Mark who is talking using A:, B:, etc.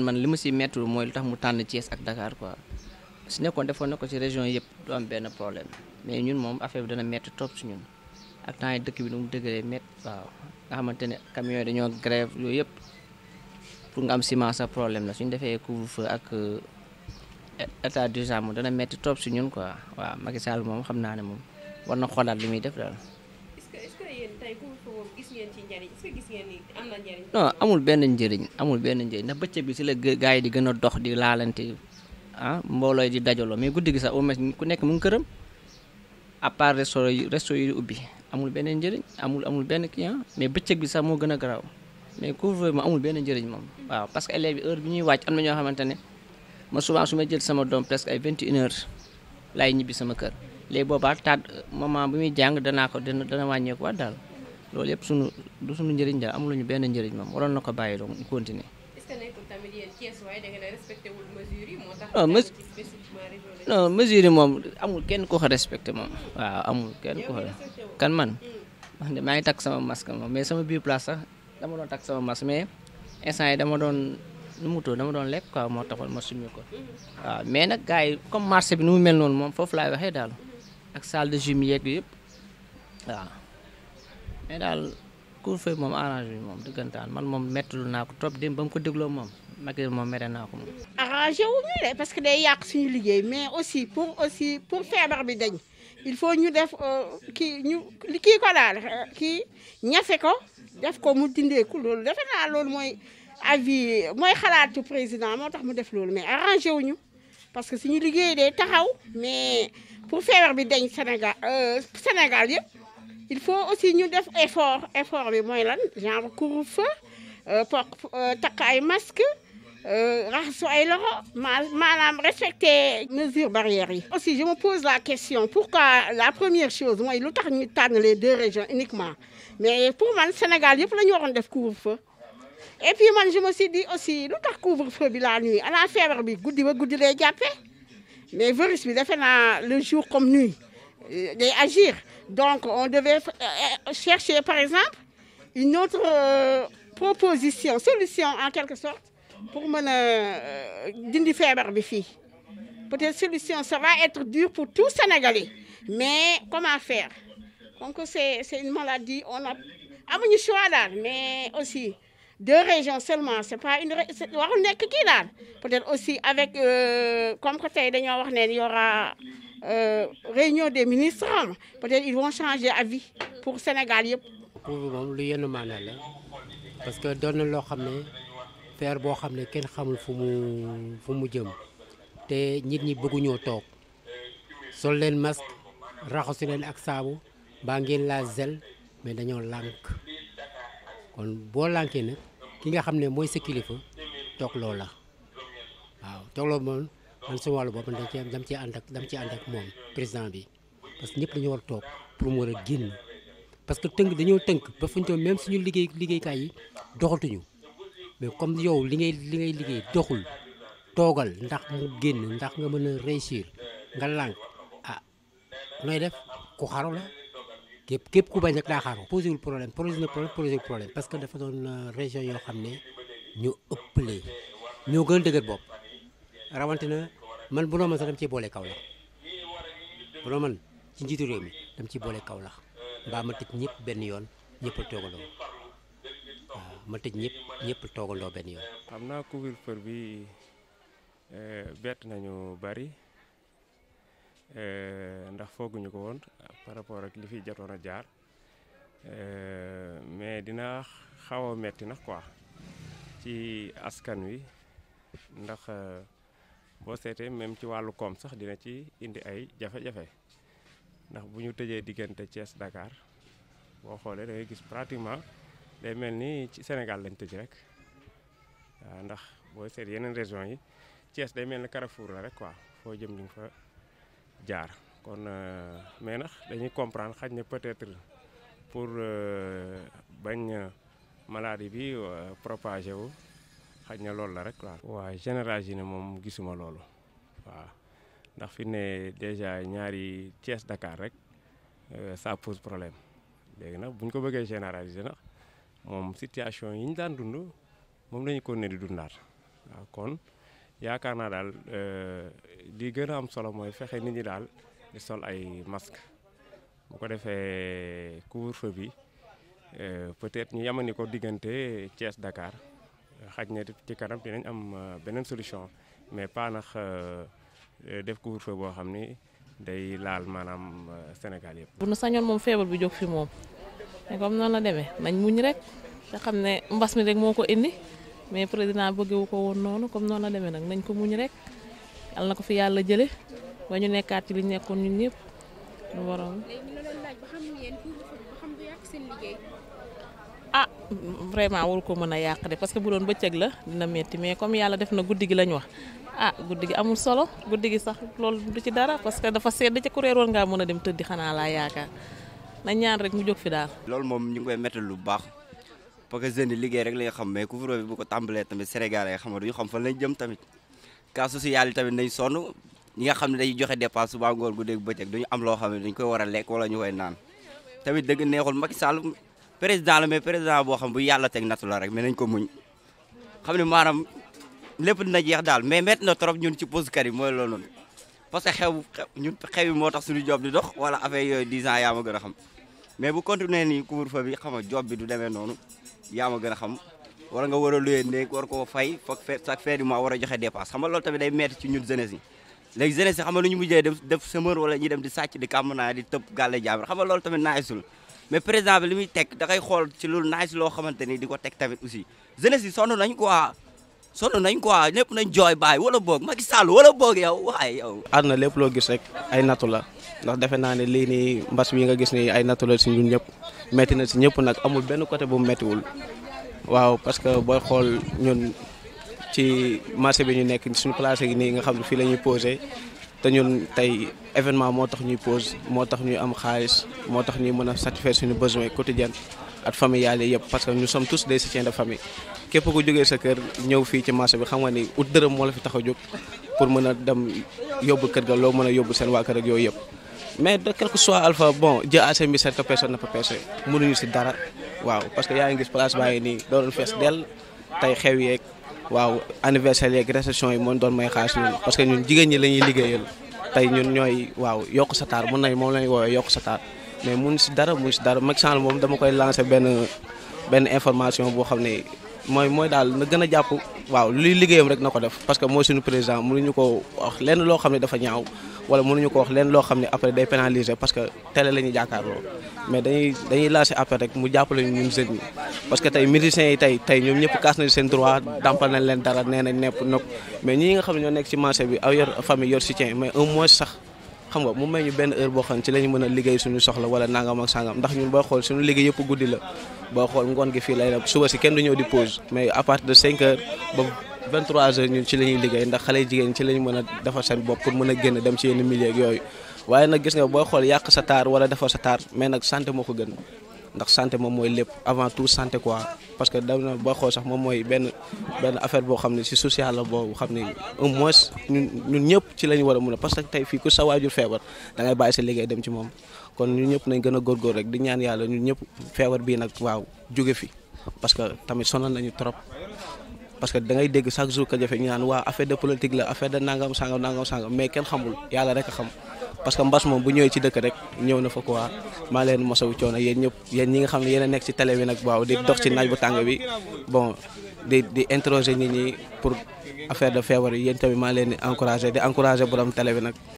A: man li ma si métti mooy lu tax mu tànn Thiès ak dakaar quoi su nekkoon defoon na ko si région yëpp du am benn problème mais ñun moom affaire bi dana metti trop si ñun ak temps yi dëkk bi nu mu dëgëree métti waaw xamante ne camions dañoo grève yooyu yëpp pour nga am ciment sa problème la suñ defee couvre-feu ak euh, état d'urgence dana métti trop si ñun quoi waaw Macky Sall moom xam naa ne moom war na xoolaat li muy def daal.
B: ngeen
A: amul benn njëriñ amul benn njëriñ ndax bëccëg bi si la gars yi di gën a dox di laalante ah mbooloo di dajaloo mais guddi gi sax au moins ku nekk mu ngi këram à part resto yi resto yi ubbi amul benn njëriñ amul amul benn client mais bëccëg bi sax moo gën a garaaw mais couvre ma moom amul benn njëriñ moom. waaw parce que élèves yi heure bi ñuy wàcc am na ñoo xamante ne ma souvent su ma jël sama doom presque ay vingt et une heures laay ñibbi sama kër léegi boobaa taat moment bu muy jàng danaa ko dana dana wàññeekuwaat daal loolu yëpp sunu du sunu njëriñ daal ñu benn njëriñ moom waroon na ko bàyyi donc mu continuer. est-ce moom amul kenn koo ko respecté moom. waaw amul kenn koo ko kan man. Hmm. man de maa ngi takk sama masque moom mais sama biir place sax dama doon takk sama masque mais instant yi dama doon. nu mu too dama doon lekk quoi moo taxoon ma summi hmm. waaw mais nag gars yi comme marché bi nu mu mel noonu moom foofu laay waxee daal hmm. ak salle de gym yeeg yëpp waaw mais daal couvre-feu moom arrange bi moom dëggantaan man moom mettalu naa ko trop dem ba mu ko dégloo moom Macky moom mere naa ko moom.
C: arrangé ñu de parce que day yàq suñu liggéey mais aussi pour aussi pour feebar bi dañ il faut ñu def euh, kii ñu kii ko daal euh, kii ñafe ko def ko mu dindeeku loolu defe naa loolu mooy avis mooy xalaatu président moo tax mu def loolu mais arrangé wu ñu parce que suñu liggéey dee taxaw mais pour feebar bi dañ Sénégal euh, Sénégal yëpp. il faut aussi ñu def effort effort bi mooy lan genre couvre-feu euh, pour euh, takk ay masque euh, raxasu ay loxo maanaam respecter mesures barrières yi. aussi je me pose la question pourquoi la première chose mooy lu tax ñu tànn les deux régions uniquement mais pour man Sénégal yëpp la ñu waroon def couvre fa et puis man je me suis dit aussi lu tax couvre-feu bi la nuit ana feebar bi guddi ba guddi lay jàppee mais virus bi defe naa le jour comme nuit. Euh, et agir. Donc, on devait euh, euh, chercher, par exemple, une autre euh, proposition, solution en quelque sorte, pour mener euh, faire Peut-être solution, ça va être dur pour tout Sénégalais. Mais comment faire Donc, c'est une maladie, on a amuñu choix daal mais aussi deux régions seulement c'est pas une waru nekk kii daal peut-être aussi avec comme que tey y aura euh, réunion des ministres peut-être ils vont changer avis pour Sénégal yëpp.
B: pour moom lu yenn maanaa la parce que doon na loo xam ne faire boo xam ne kenn xamul fu mu fu mu jëm te nit ñi bëgguñoo toog sol leen masque raxasu leen ak saabu baa ngeen laa zel mais dañoo lànk kon boo lànkee nag ki nga xam ne mooy sa kilifa toog loo la waaw toog loo moom man su wàllu bopp dama cee dama cee ànd ak dama cee ànd moom président bi parce que ñëpp dañu war a toog pour mu war a génn parce que tënk dañoo tënk ba fu ñu toog suñu liggéey liggéeykaay yi doxatuñu mais comme yow li ngay li ngay liggéey doxul toogal ndax génn ndax nga mën a réussir nga lànk ah nooy def ku xaru la képp ku bañ rek daa xaru posé wul problème posé na problème posé wul problème parce que dafa doon euh, région yoo xam ne ñu ëppalee ñoo gën a dëgër bopp rawatina man bu noo mën sax dama ciy boole Kaolack bu noo mën ci njiitu réew mi dama ciy boole Kaolack mbaa ma tëj ñëpp benn yoon ñëpp a ñëpp
D: ñëpp toogandoo benn yoon. xam naa couvre-feu bi eh, bett nañu bari eh, ndax fooguñu ko woon par rapport ak li fi jotoon a jaar eh, mais dina xaw a metti nag quoi ci askan wi ndax. boo seetee même ci wàllu koom sax dina ci indi ay jafe-jafe ndax bu ñu tëjee diggante Thiès Dakar boo xoolee dangay gis pratiquement day mel ni ci Sénégal lañ tëj rek waaw ndax boo seet yeneen région yi Thiès day mel ni Carrefour la rek quoi foo jëm ñu fa jaar kon euh, mais nax dañuy comprendre xaj na peut-être pour euh, bañ euh, maladie bi propagé wu xaj na loolu la rek quoi. waaw général yi ne moom gisuma loolu waaw ndax fi ne déjà ñaari Thiès Dakar rek euh, ça pose problème léegi nag bu ñu ko bëggee généraliser nag moom situation yi ñu daan dund moom la ko ne di dundaat waaw kon yaakaar naa daal euh, li gën a am solo mooy fexe nit ñi daal di sol ay masque bu ko defee couvre-feu bi euh, peut-être ñu yamani ko diggante Thiès Dakar. xaj na ci kanam nañ am euh, beneen solution mais pas nax euh, def couvre-feu boo xam ni day laal maanaam euh, Sénégal yëpp.
C: bu nu sañoon moom feebar bu jóg fi moom mais comme la demee nañ muñ rek te xam ne mbas mi rek moo ko indi mais président bëggewu ko woon noonu comme noonu la demee nag nañ ko muñ rek yàlla na ko fi yàlla jële ba ñu nekkaat ci liñ nekkoon ñun ñëpp lu waroon. léegi ah vraiment waru ko mën a yàq de parce bu doon bëccëg la dina metti mais comme yàlla def na guddi gi lañ wax ah guddi gi amul solo guddi gi sax loolu du ci dara parce que dafa sedd ca kuréel war ngaa mën a dem tëddi xanaa laa yaakaar na ñaan rek mu jóg fi daal.
E: loolu moom ñu koy métti lu baax parce que jeunes yi liggéey xam mais couvre-feu bi bu ko tàmbalee tamit Sénégal yi xam duñu xam fan lañ jëm tamit cas social yi tamit nañ sonn ñi nga xam ne dañuy joxe dépense suba ngoon guddeeg bëccëg duñu am loo xam ne dañ koy war a lekk wala ñu koy naan tamit dëgg neexul Macky président la mais président boo xam bu yàlla teg nattu la rek mais nañ ko muñ xam ne maanaam lépp dina jeex daal mais met na trop ñun ci poskat yi mooy loolu noonu parce que xew ñun xew moo tax suñu job di dox wala affaire yooyu 10 ans yaa ma gën a xam mais bu continuer nii couvre bi xam nga job bi du demee noonu yaa gën a xam wala nga war a luyee war koo fay foog chaque fin du mois war a joxe dépasse xam loolu tamit day métti ci ñun jeunesse yi léegi jeunesse yi xam nga lu ñu mujjee dem di sàcc di kàmm naa di tëb gàlle jaam xam loolu tamit naay sul mais président bi li muy teg da koy xool ci loolu nice loo xamante ni di ko teg tamit aussi jeunesse yi sonn nañ quoi sonn nañ quoi lépp nañ jooy baay wala boog Macky Sall wala boog yow waaye yow.
F: àdduna lépp loo gis rek ay nattu la ndax defe naa ne lii nii mbas wi nga gis ni ay nattu la si ñun ñëpp métti na si ñëpp nag amul benn côté bu méttiwul waaw parce que booy xool ñun ci marché bi ñu nekk suñu place yi nii nga xam ne fii la ñuy posé te ñun tey événement moo tax ñuy pause moo tax ñuy am xaalis moo tax ñuy mën a satisfaire suñu besoin quotidien ak familial yi yëpp parce que ñu sommes tous des soutiens de famille képp ko jógee sa kër ñëw fii ci marché bi xam nga ni ut dërëm moo la fi tax a jóg pour mën a dem yóbbu kër ga loo mën a yóbbu seen waa kër ak yooyu yëpp mais de quelque soit alpha bon Dieu a sémi certaines personnes na pas péché mënuñu si dara waaw parce que yaa ngi gis place baa ngi nii doon fees dell tey xew yeeg waaw anniversaire yeeg réception yi moom doon may xaas ñun parce que ñun jigéen ñi lañuy ñuy liggéeyal tey ñun ñooy waaw yokk sa taar mun na moom lañ woowee yokk sa taar mais mun si dara mun si dara Macky Sall moom dama koy lancer benn benn information boo xam ne mooy mooy daal na gën a jàpp waaw luy liggéeyam rek na ko def parce que mooy suñu président mënuñu ko wax lenn loo xam ne dafa ñaaw wala mënuñu ko wax leen loo xam ne après day pénaliser parce que télé la ñuy jàkkaarloo mais dañuy dañuy lancer appel rek mu jàppale ñun jeunes yi parce que tey musiciens yi tey tey ñoom ñëpp kaas nañ seen droit dàmpal nañ leen dara nee nepp nopp mais ñi nga xam ne ñoo nekk ci marché bi aw yor famille yor soutien mais un mois sax xam nga mu may ñu benn heure boo xam ne ci la ñu mën a liggéey suñu soxla wala nangam ak sangam ndax ñun boo xool suñu liggéey yëpp guddi la boo xool ngoon gi fii lay la suba si kenn du ñëw di pause mais à partir de 5 heures ba 23 heures ñun ci la ñuy liggéey ndax xale jigéen ci la ñu mën a defar seen bopp pour mën a génn dem ci yenn milieu ak yooyu waaye nag gis nga boo xool yàq sa taar wala defar sa taar mais nag santé moo ko gën ndax santé moom mooy lépp avant tout santé quoi parce que da na boo xool sax moom mooy benn benn affaire boo xam ne si social la boo xam ne au moins ñun ñun ci la ñu war a mun a parce que tey fii ku sa waajur feebar da ngay bàyyi sa liggéey dem ci moom kon ñun ñëpp nañ gën a góorgóor rek di ñaan yàlla ñun ñëpp feebar bii nag waaw jóge fi parce que tamit sonal nañu trop parce que da ngay dégg chaque jour ka jafe ñu naan waa affaire de politique la affaire de nangam yàlla rek a parce que mbas moom bu ñëwee ci dëkk rek ñëw na fa quoi maa leen mosawu coono yéen ñëpp yéen ñi nga xam ne yéen nekk ci télé bi nag waaw di dox ci naaj bu tàng bi bon di di interroger nit ñi pour affaire de feebar yi yéen tamit maa leen di encouragé di encouragé borom télé bi nag